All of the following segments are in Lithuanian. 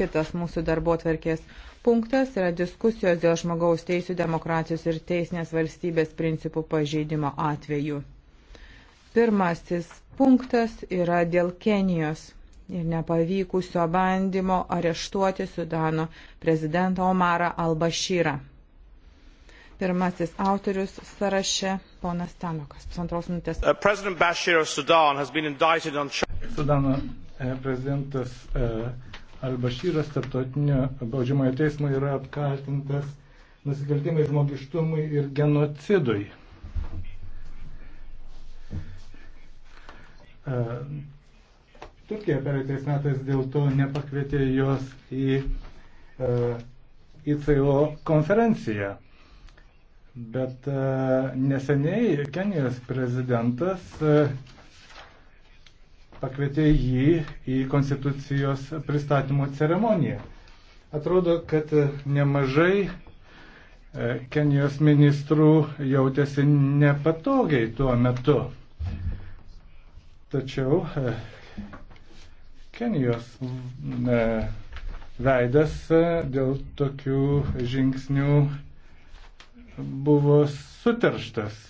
Kitas mūsų darbo tvarkės punktas yra diskusijos dėl žmogaus teisų, demokratijos ir teisinės valstybės principų pažeidimo atveju. Pirmasis punktas yra dėl Kenijos ir nepavykusio bandymo areštuoti Sudano prezidentą Omarą Albašyrą. Pirmasis autorius sąraše ponas Tanokas. Pusantros minutės. Uh, Sudano uh, prezidentas uh, Albašyras tarptautinio baudžiamojo teismo yra apkaltintas nusikaltimai žmogištumui ir genocidui. Turkija pereitais metais dėl to nepakvietė jos į ICO konferenciją. Bet neseniai Kenijos prezidentas pakvietė jį į konstitucijos pristatymo ceremoniją. Atrodo, kad nemažai e, Kenijos ministrų jautėsi nepatogiai tuo metu. Tačiau e, Kenijos e, veidas dėl tokių žingsnių buvo suterštas.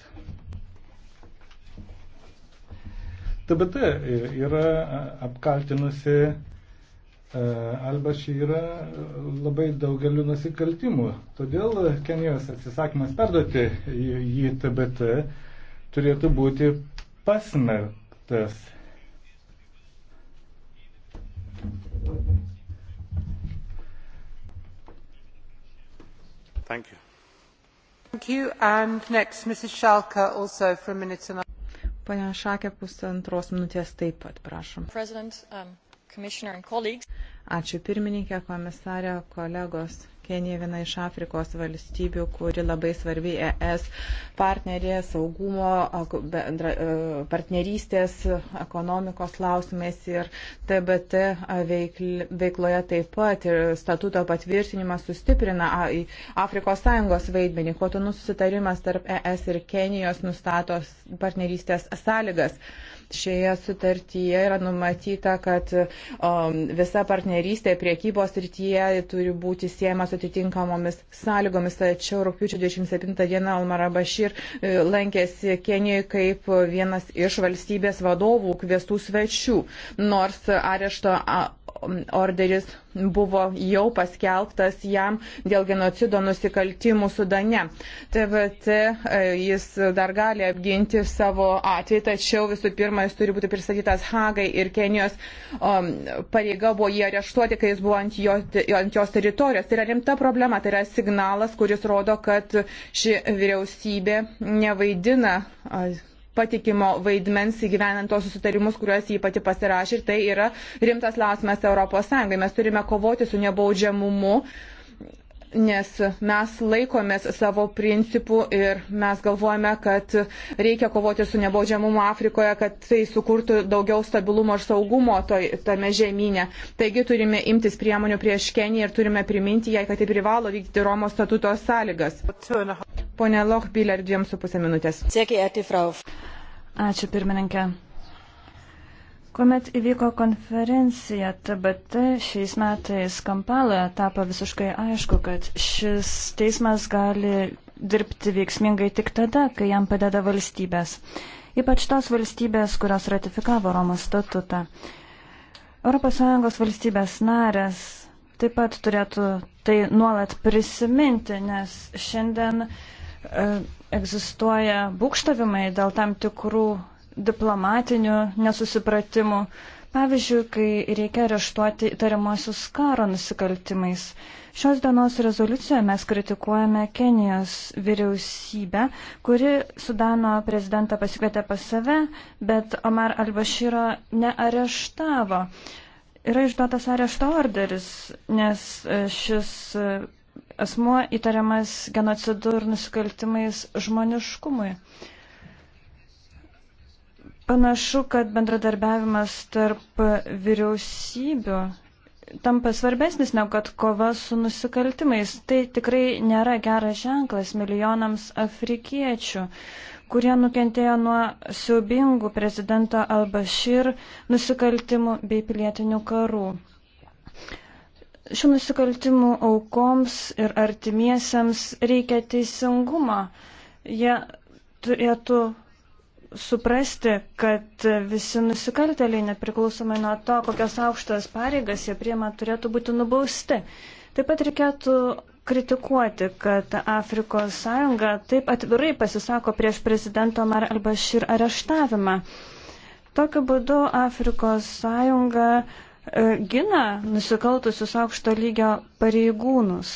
TBT yra e, apkaltinusi e, Alba Šyra e, labai daugeliu nusikaltimų. Todėl Kenijos atsisakymas perduoti jį TBT turėtų būti pasmerktas. Thank you. Thank you. And next, Mrs. Schalke, also for a minute and a Pane Šakė, pusantros minutės taip pat, prašom. President, um... Ačiū pirmininkė, komisarė, kolegos. Kenija viena iš Afrikos valstybių, kuri labai svarbi ES partnerė saugumo, bendra, e, partnerystės, ekonomikos klausimais ir TBT veikl, veikloje taip pat ir statuto patvirtinimas sustiprina Afrikos Sąjungos vaidmenį. Kotonų susitarimas tarp ES ir Kenijos nustato partnerystės sąlygas. Šioje sutartyje yra numatyta, kad um, visa partnerystė priekybos rytyje turi būti siejama su atitinkamomis sąlygomis. Tačiau rūpiučio 27 dieną Almara Bashir e, lankėsi Kenijoje kaip vienas iš valstybės vadovų kviestų svečių, nors arešto orderis buvo jau paskelbtas jam dėl genocido nusikaltimų Sudane. TVT e, jis dar gali apginti savo atvejį, tačiau visų pirma jis turi būti pristatytas Hagai ir Kenijos um, pareiga buvo jį areštuoti, kai jis buvo ant, jo, ant jos teritorijos. Tai yra rimta problema, tai yra signalas, kuris rodo, kad ši vyriausybė nevaidina. Uh, patikimo vaidmens įgyvenant tos susitarimus, kuriuos jį pati pasirašė ir tai yra rimtas klausimas ES. Mes turime kovoti su nebaudžiamumu nes mes laikomės savo principų ir mes galvojame, kad reikia kovoti su nebaudžiamumu Afrikoje, kad tai sukurtų daugiau stabilumo ir saugumo toj, tame žemynė. Taigi turime imtis priemonių prieš Keniją ir turime priminti jai, kad tai privalo vykdyti Romos statuto sąlygas. Pone Lochbiller, dviem su pusė minutės. Ačiū pirmininkė. Kuomet įvyko konferencija TBT šiais metais Kampaloje, tapo visiškai aišku, kad šis teismas gali dirbti veiksmingai tik tada, kai jam padeda valstybės. Ypač tos valstybės, kurios ratifikavo Romos statutą. ES valstybės narės taip pat turėtų tai nuolat prisiminti, nes šiandien uh, E, egzistuoja būkštavimai dėl tam tikrų diplomatinių nesusipratimų. Pavyzdžiui, kai reikia areštuoti įtariamuosius karo nusikaltimais. Šios dienos rezoliucijoje mes kritikuojame Kenijos vyriausybę, kuri Sudano prezidentą pasikvietė pas save, bet Omar al-Bashiro neareštavo. Yra išduotas arešto orderis, nes šis asmuo įtariamas genocidu ir nusikaltimais žmoniškumui. Panašu, kad bendradarbiavimas tarp vyriausybių tampa svarbesnis negu kad kova su nusikaltimais. Tai tikrai nėra geras ženklas milijonams afrikiečių, kurie nukentėjo nuo siubingų prezidento Al-Bashir nusikaltimų bei pilietinių karų. Šių nusikaltimų aukoms ir artimiesiems reikia teisingumo. Jie turėtų suprasti, kad visi nusikalteliai, nepriklausomai nuo to, kokias aukštas pareigas jie priema, turėtų būti nubausti. Taip pat reikėtų kritikuoti, kad Afrikos sąjunga taip atvirai pasisako prieš prezidento Mar al-Bashir areštavimą. Tokiu būdu Afrikos sąjunga uh, E, gina nusikaltusius aukšto lygio pareigūnus.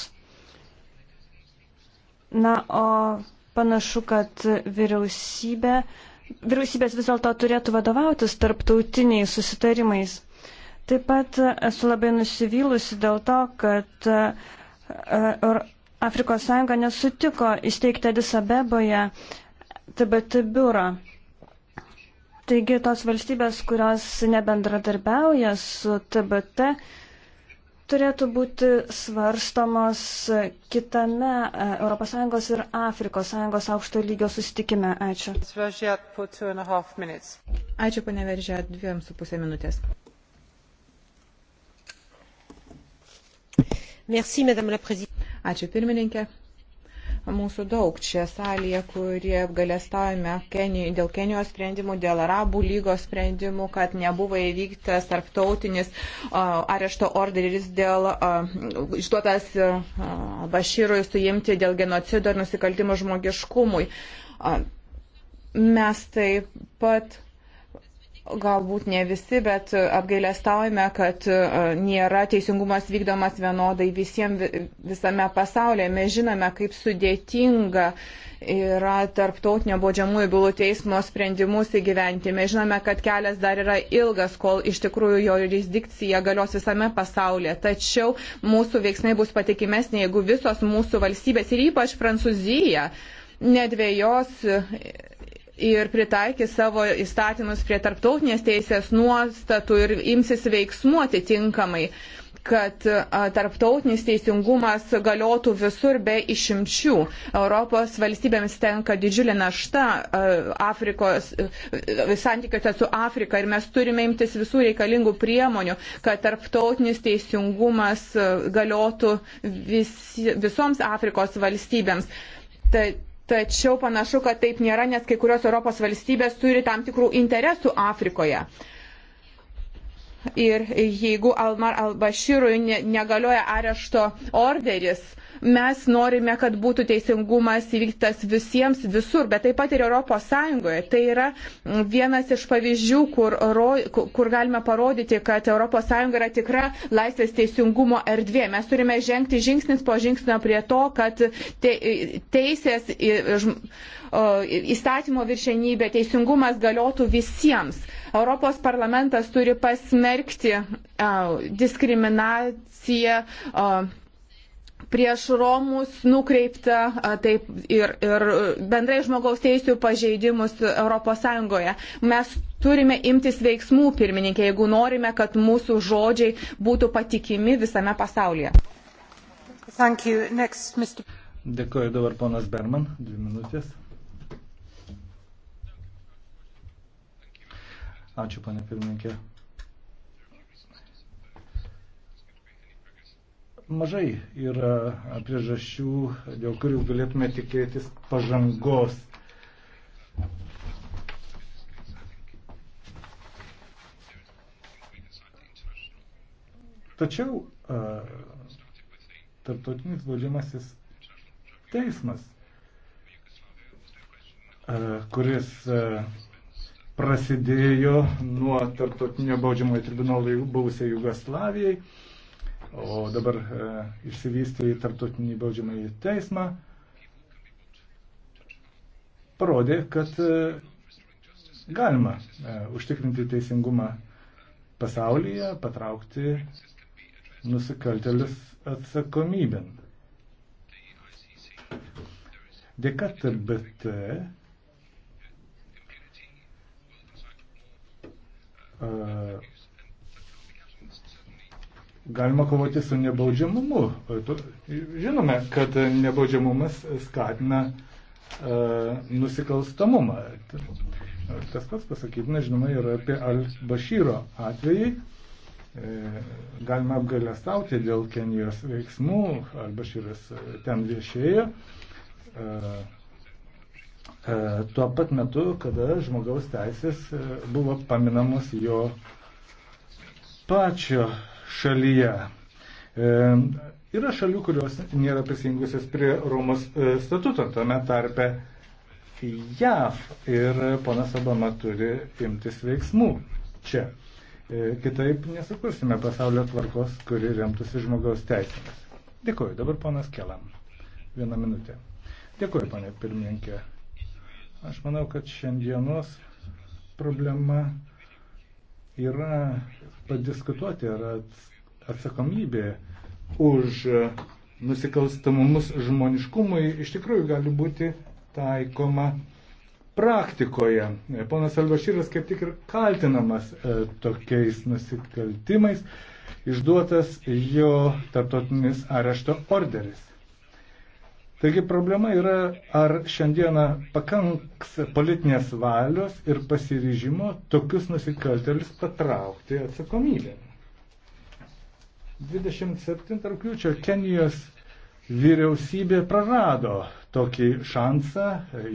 Na, o panašu, kad vyriausybė, vyriausybės vis dėlto turėtų vadovautis tarptautiniais susitarimais. Taip pat esu labai nusivylusi dėl to, kad e, Afrikos Sąjunga nesutiko įsteigti Adisabeboje TBT biurą. Taigi tos valstybės, kurios nebendradarbiauja su TBT, turėtų būti svarstamos kitame ES ir Afrikos Sąjungos aukšto lygio susitikime. Ačiū. Ačiū, pane Veržė, dviem su pusė minutės. Merci, Ačiū, pirmininkė mūsų daug čia salėje, kurie galėstavome Kenijai, dėl Kenijos sprendimų, dėl Arabų lygos sprendimų, kad nebuvo įvyktas tarptautinis uh, arešto orderis dėl uh, išduotas uh, Bašyrui suimti dėl genocido ir nusikaltimų žmogiškumui. Uh, mes taip pat Galbūt ne visi, bet apgailestaujame, kad e, nėra teisingumas vykdomas vienodai visiems visame pasaulyje. Mes žinome, kaip sudėtinga yra tarptautinio baudžiamųjų bylų teismo sprendimus įgyventi. Mes žinome, kad kelias dar yra ilgas, kol iš tikrųjų jo jurisdikcija galios visame pasaulyje. Tačiau mūsų veiksmai bus patikimesnė, jeigu visos mūsų valstybės ir ypač Prancūzija nedvėjos ir pritaikys savo įstatymus prie tarptautinės teisės nuostatų ir imsis veiksmų atitinkamai, kad tarptautinis teisingumas galiotų visur be išimčių. Europos valstybėms tenka didžiulė našta Afrikos, santykiuose su Afrika ir mes turime imtis visų reikalingų priemonių, kad tarptautinis teisingumas galiotų vis, visoms Afrikos valstybėms. Tai, Tačiau panašu, kad taip nėra, nes kai kurios Europos valstybės turi tam tikrų interesų Afrikoje. Ir jeigu Almar Albaširui negalioja arešto orderis, Mes norime, kad būtų teisingumas įvyktas visiems visur, bet taip pat ir Europos Sąjungoje. Tai yra mm, vienas iš pavyzdžių, kur, kur galime parodyti, kad Europos Sąjunga yra tikra laisvės teisingumo erdvė. Mes turime žengti žingsnis po žingsnio prie to, kad te, teisės įstatymo viršenybė, teisingumas galiotų visiems. Europos parlamentas turi pasmerkti diskriminaciją. Uh, prieš Romus nukreipta taip ir, ir bendrai žmogaus teisų pažeidimus ES. Mes turime imtis veiksmų, pirmininkė, jeigu norime, kad mūsų žodžiai būtų patikimi visame pasaulyje. Next, Mr... Dėkuoju dabar ponas Berman, dvi minutės. Ačiū, pane pirmininkė. mažai yra priežasčių, dėl kurių galėtume tikėtis pažangos. Tačiau tarptautinis baudžiamasis teismas, kuris prasidėjo nuo tarptautinio baudžiamojo tribunolo buvusiai Jugoslavijai, o dabar e, išsivystė į tarptautinį baudžiamąjį teismą, parodė, kad e, galima e, užtikrinti teisingumą pasaulyje, patraukti nusikaltelius atsakomybėn. Dėka TBT galima kovoti su nebaudžiamumu. Žinome, kad nebaudžiamumas skatina e, nusikalstamumą. Tas pats pasakytina, žinoma, yra apie Al-Bashiro atvejį. E, galima apgailestauti dėl Kenijos veiksmų. Al-Bashiras ten viešėjo. E, e tuo pat metu, kada žmogaus teisės e, buvo paminamos jo pačio šalyje. E, yra šalių, kurios nėra prisijungusios prie Romos e, statuto, tame tarpe JAV ir ponas Obama turi imtis veiksmų čia. E, kitaip nesukursime pasaulio tvarkos, kuri remtųsi žmogaus teisėmis. Dėkuoju, dabar ponas Kelam. Vieną minutę. Dėkuoju, ponė pirmininkė. Aš manau, kad šiandienos problema yra padiskutuoti, ar atsakomybė už nusikalstamumus žmoniškumui iš tikrųjų gali būti taikoma praktikoje. Ponas Albašyras kaip tik ir kaltinamas e, tokiais nusikaltimais, išduotas jo tarptautinis arešto orderis. Taigi problema yra, ar šiandieną pakanks politinės valios ir pasiryžimo tokius nusikaltelius patraukti atsakomybę. 27 rūpiučio Kenijos vyriausybė prarado tokį šansą,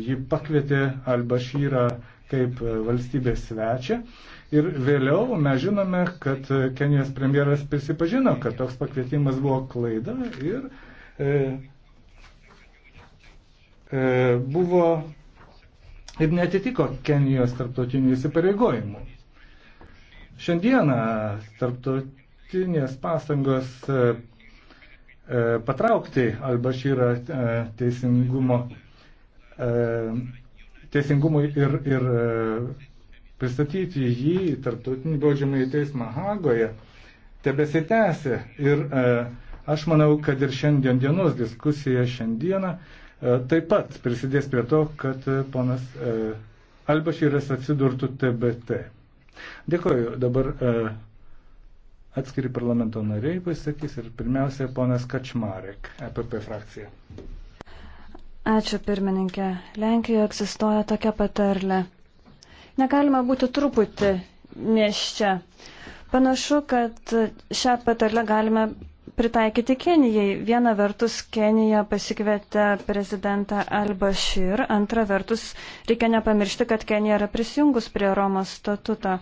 ji pakvietė Albašyrą kaip valstybės svečią ir vėliau mes žinome, kad Kenijos premjeras prisipažino, kad toks pakvietimas buvo klaida ir e, E, buvo ir netitiko Kenijos tarptautinių įsipareigojimų. Šiandieną tarptautinės pastangos e, e, patraukti Albašyrą teisingumo, teisingumui ir, ir pristatyti jį į tarptautinį baudžiamąjį teismą Hagoje tebesitęsia. Ir aš manau, kad ir šiandien dienos diskusija šiandieną E, taip pat prisidės prie to, kad e, ponas e, Albašyras atsidurtų TBT. Dėkoju. Dabar atskiri parlamento nariai pasakys ir pirmiausia ponas Kačmarek, EPP frakcija. Ačiū pirmininkė. Lenkijoje egzistuoja tokia patarlė. Negalima būti truputį mieščia. Panašu, kad šią patarlę galime pritaikyti Kenijai. Viena vertus Kenija pasikvietė prezidentą Al-Bashir, antra vertus reikia nepamiršti, kad Kenija yra prisijungus prie Romos statuto.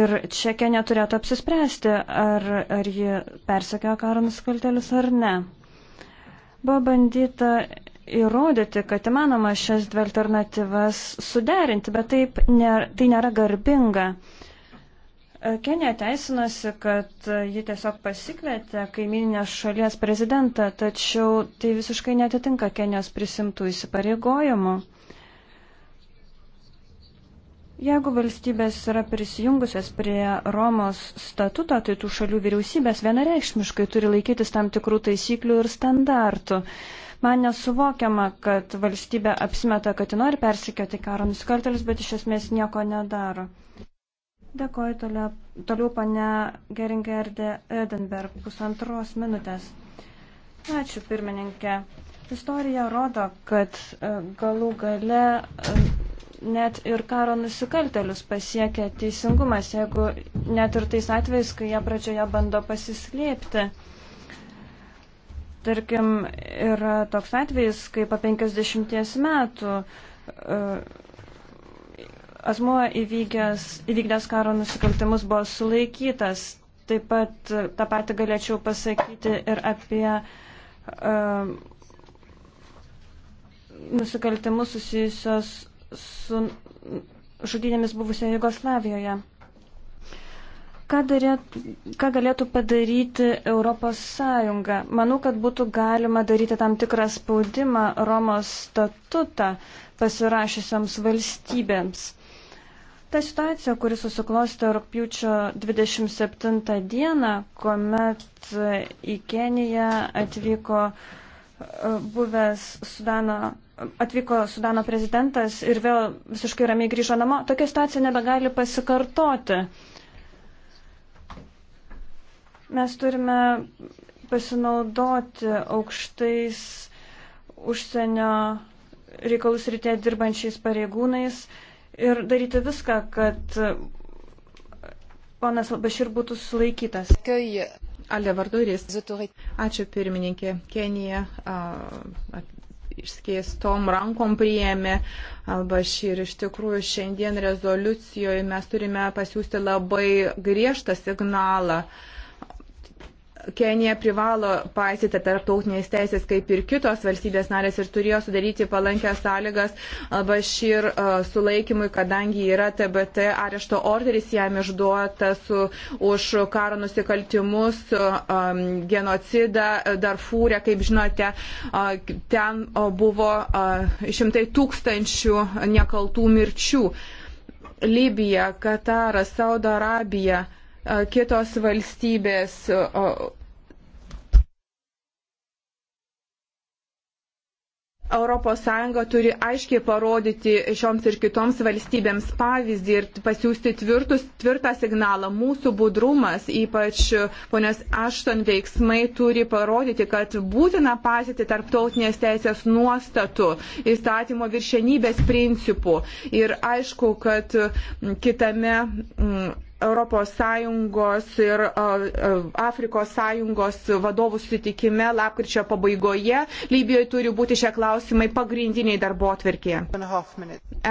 Ir čia Kenija turėtų apsispręsti, ar, ar ji persekioja karo nusikaltelius ar ne. Buvo bandyta įrodyti, kad įmanoma šias dvi alternatyvas suderinti, bet taip nėra, tai nėra garbinga. E, Kenija teisinasi, kad ji tiesiog pasikvietė kaimininės šalies prezidentą, tačiau tai visiškai netitinka Kenijos prisimtų įsipareigojimų. Jeigu valstybės yra prisijungusios prie Romos statuto, tai tų šalių vyriausybės vienareikšmiškai turi laikytis tam tikrų taisyklių ir standartų. Man nesuvokiama, kad valstybė apsimeta, kad ji nori persikioti karo nusikaltelius, bet iš esmės nieko nedaro. Dėkoju toliau, toliau pane Geringerdė Edenberg, pusantros minutės. Ačiū, pirmininkė. Istorija rodo, kad e, galų gale e, net ir karo nusikaltelius pasiekia teisingumas, jeigu net ir tais atvejais, kai jie pradžioje bando pasislėpti. Tarkim, yra toks atvejis, kai po 50 metų e, asmuo įvykęs, įvykdęs karo nusikaltimus buvo sulaikytas. Taip pat e, tą patį galėčiau pasakyti ir apie uh, nusikaltimus susijusios su žudynėmis buvusioje Jugoslavijoje. Ką, darėt, ką galėtų padaryti Europos Sąjunga? Manau, kad būtų galima daryti tam tikrą spaudimą Romos statutą pasirašysiams valstybėms. Uh, Ta situacija, kuri susiklostė rūpjūčio 27 dieną, kuomet į Keniją atvyko e, buvęs Sudano, atvyko Sudano prezidentas ir vėl visiškai ramiai grįžo namo, tokia situacija nebegali pasikartoti. Mes turime pasinaudoti aukštais užsienio reikalus rytė dirbančiais pareigūnais ir daryti viską, kad ponas Bashir būtų sulaikytas. Alė Varduris. Ačiū pirmininkė. Kenija a, išskėstom rankom priėmė Albašir. Iš tikrųjų, šiandien rezoliucijoje mes turime pasiūsti labai griežtą signalą. A, Kenija privalo paisyti tarptautinės teisės kaip ir kitos valstybės narės ir turėjo sudaryti palankę sąlygas Bashir e, sulaikymui, kadangi yra TBT arešto orderis jam išduotas už karo nusikaltimus, e, e, genocidą Darfūrė, kaip žinote, ten buvo šimtai tūkstančių nekaltų mirčių. Libija, Kataras, Saudo Arabija kitos valstybės ES turi aiškiai parodyti šioms ir kitoms valstybėms pavyzdį ir pasiūsti tvirtus, tvirtą signalą. Mūsų budrumas, ypač ponios Ašton veiksmai, turi parodyti, kad būtina pasiti tarptautinės teisės nuostatų, įstatymo viršenybės principų. Ir aišku, kad kitame. Mm, ES ir Afrikos sąjungos vadovų sutikime lapkričio pabaigoje Libijoje turi būti šie klausimai pagrindiniai darbo atverkėje.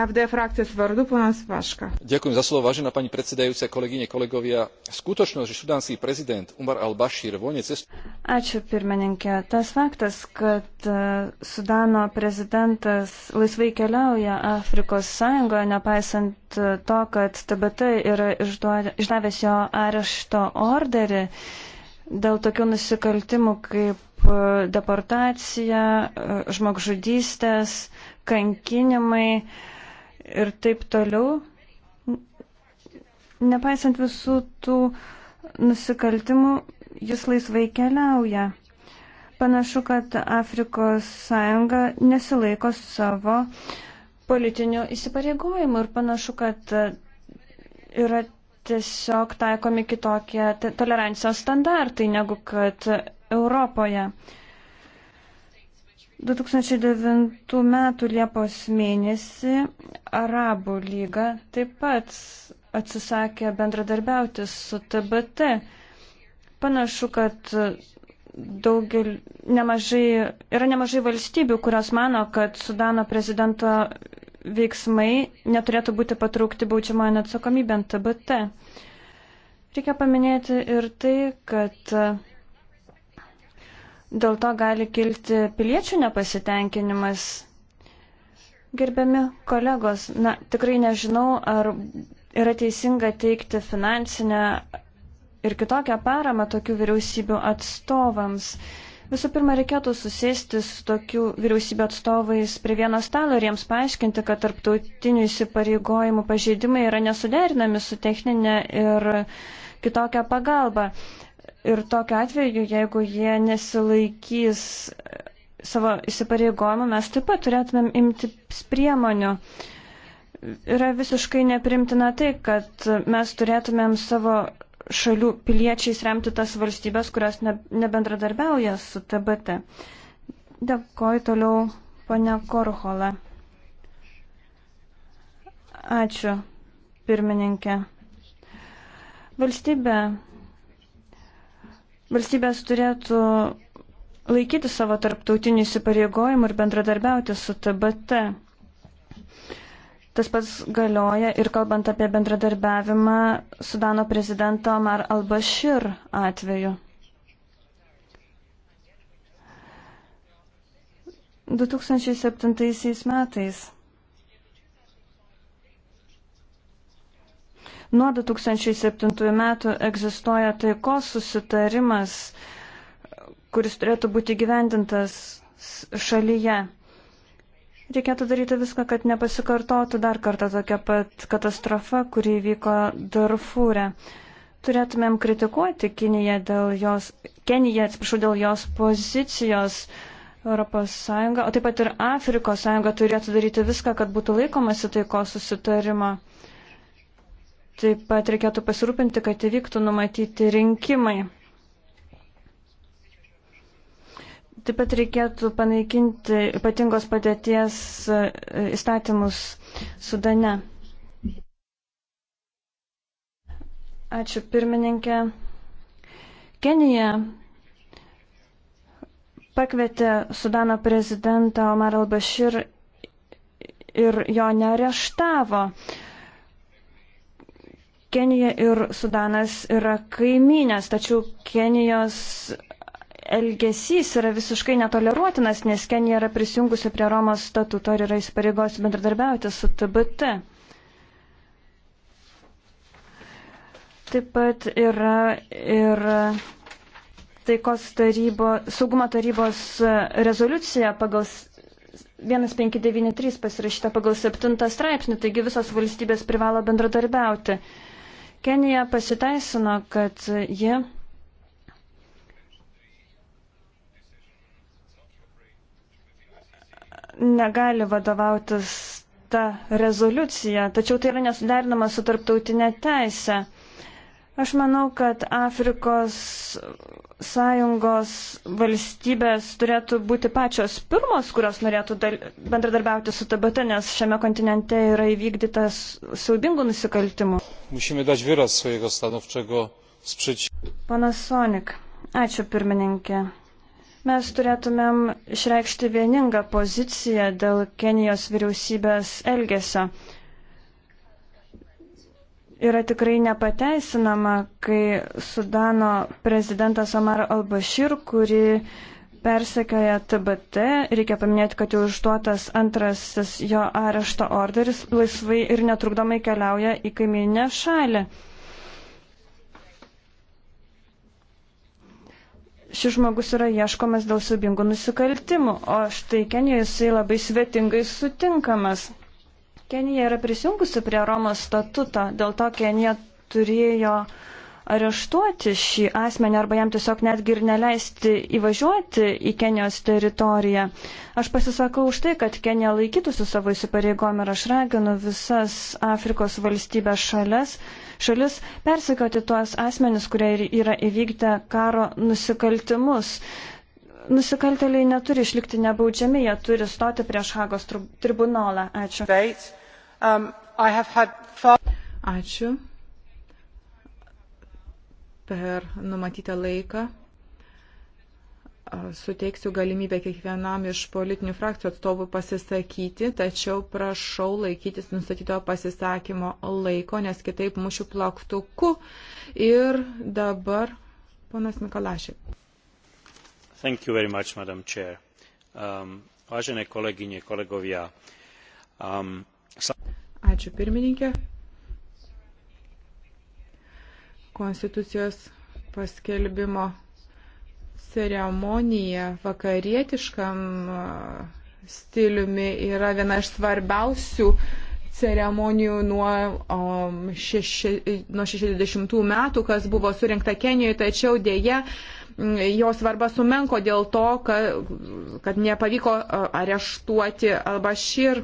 FD frakcijos vardu, ponas Vaška. Ďakujem za slovo, vážená pani predsedajúca, kolegyne, kolegovia. Skutočnosť, že sudánsky prezident Umar al-Bashir vonė cestu. Ačiū, pirmininkė. Tas faktas, kad e, Sudano prezidentas laisvai keliauja Afrikos sąjungoje, nepaisant e, to, kad TBT yra išdavęs jo arešto orderį, dėl tokių nusikaltimų kaip e, deportacija, žmogžudystės, kankinimai ir taip toliau. Nepaisant visų tų nusikaltimų, jis laisvai keliauja. Panašu, kad Afrikos sąjunga nesilaiko savo politinių įsipareigojimų ir panašu, kad yra tiesiog taikomi kitokie tolerancijos standartai negu kad Europoje. Uh, 2009 m. Liepos mėnesį Arabų lyga taip pat atsisakė bendradarbiauti su TBT. Panašu, kad daugel, nemažai, yra nemažai valstybių, kurios mano, kad Sudano prezidento veiksmai neturėtų būti patraukti baudžiamojo atsakomybę ant TBT. Reikia paminėti ir tai, kad Dėl to gali kilti piliečių nepasitenkinimas. Gerbiami kolegos, na, tikrai nežinau, ar yra teisinga teikti finansinę ir kitokią paramą tokių vyriausybių atstovams. Visų pirma, reikėtų susėsti su tokių vyriausybių atstovais prie vieno stalo ir jiems paaiškinti, kad tarptautinių įsipareigojimų pažeidimai yra nesuderinami su techninė ir kitokia pagalba. Ir tokiu atveju, jeigu jie nesilaikys e, savo įsipareigojimų, mes taip pat turėtumėm imti priemonių. Yra visiškai neprimtina tai, kad mes turėtumėm savo šalių piliečiais remti tas valstybės, kurios ne, nebendradarbiauja su TBT. Dėkoju toliau, ponia Korhola. Ačiū, pirmininkė. Valstybė Valstybės turėtų laikyti savo tarptautinių įsipareigojimų ir bendradarbiauti su TBT. Tas pats galioja ir kalbant apie bendradarbiavimą Sudano prezidento Omar al-Bashir atveju. 2007 metais Nuo 2007 metų egzistuoja taikos susitarimas, kuris turėtų būti gyvendintas šalyje. Reikėtų daryti viską, kad nepasikartotų dar kartą tokia pat katastrofa, kuri vyko Darfūre. Turėtumėm kritikuoti Kiniją dėl jos, Keniją, atsiprašau, dėl jos pozicijos. Europos Sąjunga, o taip pat ir Afrikos Sąjunga turėtų daryti viską, kad būtų laikomasi taiko susitarimo. Taip pat reikėtų pasirūpinti, kad įvyktų numatyti rinkimai. Taip pat reikėtų panaikinti ypatingos padėties e, įstatymus Sudane. Ačiū pirmininkė. Kenija pakvietė Sudano prezidentą Omar al-Bashir ir jo neareštavo. Kenija ir Sudanas yra kaimynės, tačiau Kenijos elgesys yra visiškai netoleruotinas, nes Kenija yra prisijungusi prie Romos statuto ir yra įsipareigojusi bendradarbiauti su TBT. Taip pat yra ir taikos tarybo, saugumo tarybos rezoliucija pagal 1593 pasirašyta pagal 7 straipsnį, taigi visos valstybės privalo bendradarbiauti. Kenija pasiteisino, kad ji negali vadovautis ta rezoliucija, tačiau tai yra nesuderinama su tarptautinė teisė. Aš manau, kad Afrikos sąjungos valstybės turėtų būti pačios pirmos, kurios norėtų dal... bendradarbiauti su TBT, nes šiame kontinente yra įvykdytas siaubingų nusikaltimų. Musime dać vyras svojego stanovčego sprzeciwu. Panas Sonik, ačiū pirmininkė. Mes turėtumėm išreikšti vieningą poziciją dėl Kenijos vyriausybės elgesio yra tikrai nepateisinama, kai Sudano prezidentas Omar al-Bashir, kuri persekioja TBT, reikia paminėti, kad jau išduotas antrasis jo arešto orderis, laisvai ir netrukdomai keliauja į kaiminę šalį. Šis žmogus yra ieškomas dėl subingų nusikaltimų, o štai Kenijoje jisai labai svetingai sutinkamas. Kenija yra prisijungusi prie Romos statuto, dėl to Kenija turėjo areštuoti šį asmenį arba jam tiesiog netgi ir neleisti įvažiuoti į Kenijos teritoriją. Aš pasisakau už tai, kad Kenija laikytųsi savo įsipareigomį ir aš raginu visas Afrikos valstybės šalis, šalis persikoti tuos asmenis, kurie yra įvykdę karo nusikaltimus. Uh, Nusikalteliai neturi išlikti nebaudžiami, jie turi stoti prieš Hagos tribunolą. Ačiū. Um, Ačiū. Per numatytą laiką suteiksiu galimybę kiekvienam iš politinių frakcijų atstovų pasisakyti, tačiau prašau laikytis nustatyto pasisakymo laiko, nes kitaip mušiu plaktuku. Ir dabar ponas Mikalašė. Much, um, vážené kolegyne kolegovia um, sa... ačiū pirmininke konstitucijos paskelbimo ceremonija vakarietiškam uh, stiliumi yra viena iš svarbiausių ceremonijų nuo, um, šeši, nuo 60 metų, kas buvo surinkta Kenijoje, tačiau dėje uh, jo svarba sumenko dėl to, kad, kad nepavyko areštuoti Albašir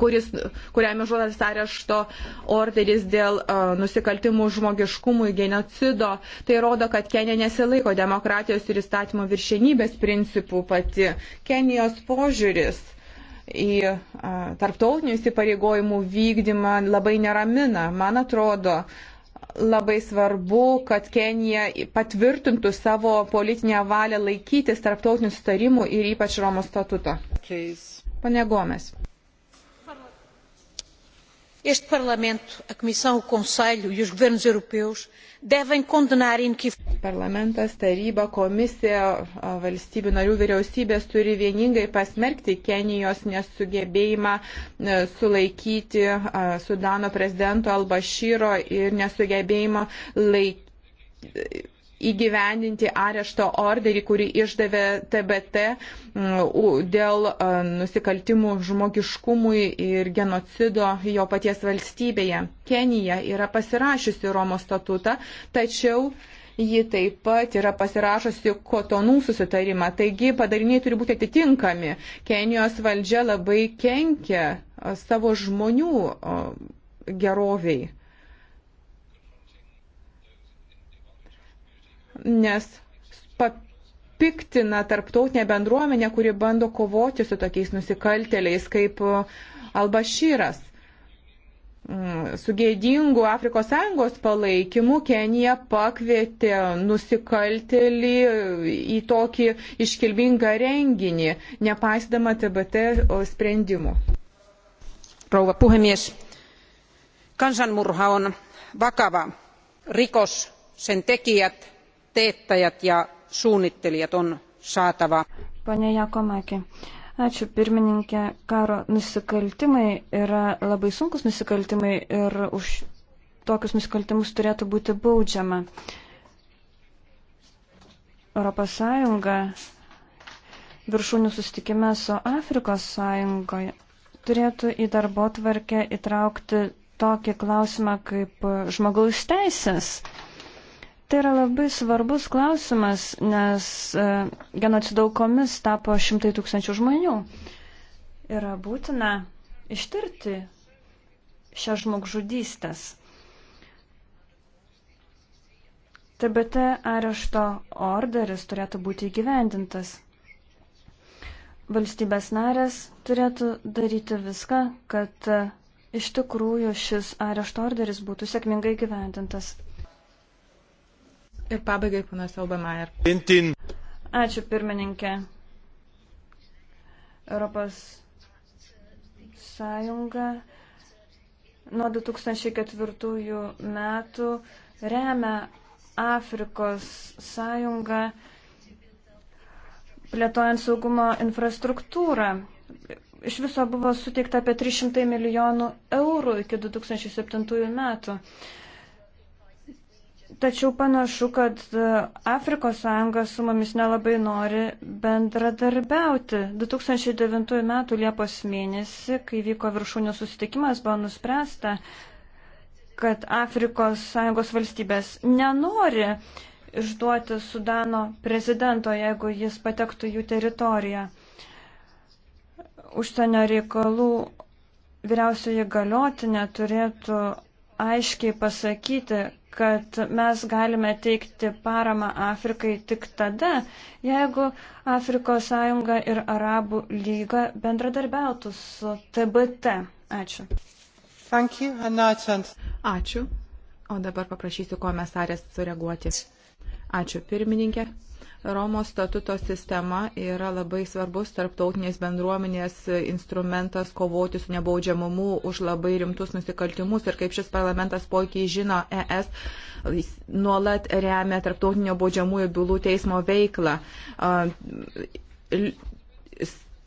kuris, kuriam išduotas arešto orderis dėl uh, nusikaltimų žmogiškumui, genocido. Tai rodo, kad Kenija nesilaiko demokratijos ir įstatymo viršenybės principų pati. Kenijos požiūris į uh, tarptautinių įsipareigojimų vykdymą labai neramina. Man atrodo, uh, labai svarbu, kad Kenija patvirtintų savo politinę valią laikytis tarptautinių sutarimų ir ypač Romos statuto. Pane Gomes este parlamento a comissão o conselho e os governos europeus devem condenar e inequivocamente. parlamentas taryba komisija valstybių narių vyriausybės turi vieningai pasmerkti kenijos nesugebėjimą e, sulaikyti sudano prezidento al baširo ir nesugebėjimą laikyti įgyvendinti arešto orderį, kurį išdavė TBT mm, dėl e, nusikaltimų žmogiškumui ir genocido jo paties valstybėje. Kenija yra pasirašiusi Romos statutą, tačiau ji taip pat yra pasirašusi kotonų susitarimą, taigi padariniai turi būti atitinkami. Kenijos valdžia labai kenkia savo žmonių geroviai. nes papiktina tarptautinė bendruomenė, kuri bando kovoti su tokiais nusikalteliais kaip e, Albašyras. Mm, su gėdingu Afrikos Sąjungos palaikymu Kenija pakvietė nusikaltelį į tokį iškilmingą renginį, nepaisydama TBT sprendimų. Rouva puhemies, kansanmurha on vakava rikos, sen tekijät teettäjät ja suunnittelijat on saatava. Pane Jakomaki, ačiū pirmininkė, karo nusikaltimai yra labai sunkus nusikaltimai ir už tokius nusikaltimus turėtų būti baudžiama. Europos Sąjunga viršūnių sustikime su Afrikos Sąjungoje turėtų į darbo tvarkę įtraukti tokį klausimą kaip žmogaus teisės. Tai yra labai svarbus klausimas, nes e, genocido aukomis tapo šimtai tūkstančių žmonių. Yra būtina ištirti šią žmogžudystės. TBT arešto orderis turėtų būti įgyvendintas. Valstybės narės turėtų daryti viską, kad e, iš tikrųjų šis arešto orderis būtų sėkmingai gyvendintas. Ir pabaigai, panas Obamair. Ačiū, pirmininkė. Europos Sąjunga nuo 2004 metų remia Afrikos Sąjungą plėtojant saugumo infrastruktūrą. Iš viso buvo suteikta apie 300 milijonų eurų iki 2007 metų. Tačiau panašu, kad e, Afrikos sąjunga su mumis nelabai nori bendradarbiauti. 2009 m. Liepos mėnesį, kai vyko viršūnių susitikimas, buvo nuspręsta, kad Afrikos sąjungos valstybės nenori išduoti Sudano prezidento, jeigu jis patektų jų teritoriją. Užsienio reikalų vyriausioji galiotinė turėtų aiškiai pasakyti, kad mes galime teikti paramą Afrikai tik tada, jeigu Afrikos sąjunga ir Arabų lyga bendradarbiautų su TBT. Ačiū. Ačiū. O dabar paprašysiu komisarės sureaguoti. Ačiū pirmininkė. Romos statuto sistema yra labai svarbus tarptautinės bendruomenės instrumentas kovoti su nebaudžiamumu už labai rimtus nusikaltimus ir kaip šis parlamentas puikiai žino, ES nuolat remia tarptautinio baudžiamųjų bylų teismo veiklą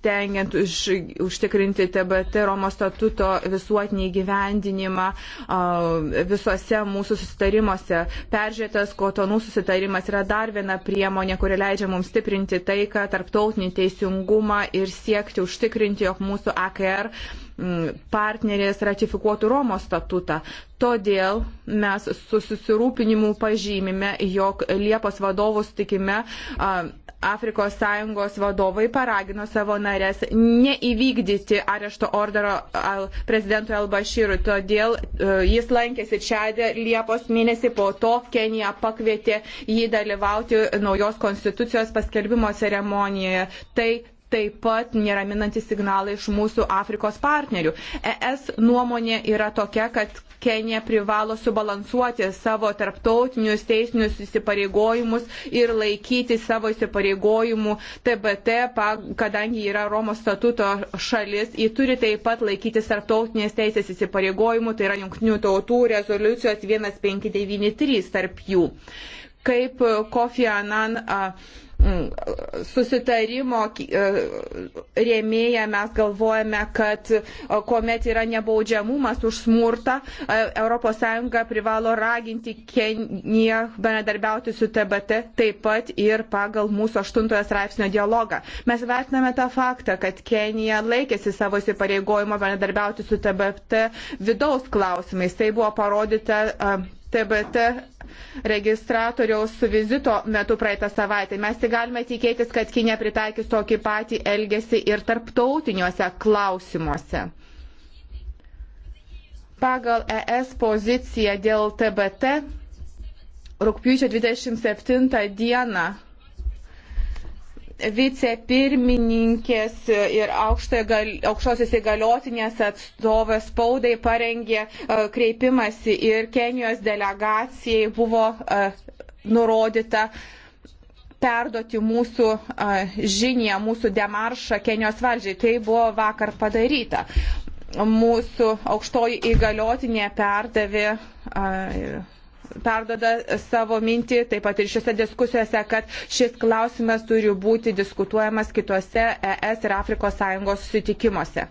stengiant už, užtikrinti TBT Romos statuto visuotinį gyvendinimą visose mūsų susitarimuose. Peržiūrėtas kotonų susitarimas yra dar viena priemonė, kuri leidžia mums stiprinti taiką, tarptautinį teisingumą ir siekti užtikrinti, jog mūsų AKR partnerės ratifikuotų Romos statutą. Todėl mes su susirūpinimu pažymime, jog Liepos vadovų sutikime Afrikos Sąjungos vadovai paragino savo narės neįvykdyti arešto ordero prezidentui Albaširui. Todėl e, jis lankėsi Čadė Liepos mėnesį, po to Kenija pakvietė jį dalyvauti naujos konstitucijos paskelbimo ceremonijoje. Tai taip pat neraminantis signalai iš mūsų Afrikos partnerių. ES nuomonė yra tokia, kad Kenija privalo subalansuoti savo tarptautinius teisinius įsipareigojimus ir laikyti savo įsipareigojimų TBT, kadangi yra Romos statuto šalis, ji turi taip pat laikytis tarptautinės teisės įsipareigojimų, tai yra jungtinių tautų rezoliucijos 1593 tarp jų. Kaip Kofi Anan. A, Mm, susitarimo e, rėmėja mes galvojame, kad e, kuomet yra nebaudžiamumas už smurtą, ES privalo raginti Keniją bendradarbiauti su TBT taip pat ir pagal mūsų 8 straipsnio dialogą. Mes vertiname tą faktą, kad Kenija laikėsi savo įsipareigojimo bendradarbiauti su TBT vidaus klausimais. Tai buvo parodyta TBT e, registratoriaus vizito metu praeitą savaitę. Mes tik galime tikėtis, kad Kinė pritaikys tokį patį elgesį ir tarptautiniuose klausimuose. Pagal ES poziciją dėl TBT rūpjūčio 27 dieną vicepirmininkės ir gal, aukštosios įgaliotinės atstovės spaudai parengė e, kreipimasi ir Kenijos delegacijai buvo e, nurodyta perduoti mūsų e, žinią, mūsų demaršą Kenijos valdžiai. Tai buvo vakar padaryta. Mūsų aukštoji įgaliotinė perdavė perdoda savo mintį, taip pat ir šiuose diskusijose, kad šis klausimas turi būti diskutuojamas kitose ES ir Afrikos Sąjungos susitikimuose.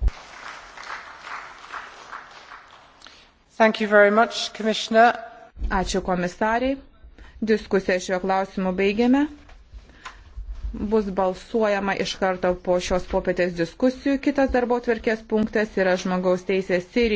Much, Ačiū komisariai. Diskusiją šiuo klausimu baigėme. Bus balsuojama iš karto po šios popietės diskusijų. Kitas darbo tvarkės punktas yra žmogaus teisės Sirijoje.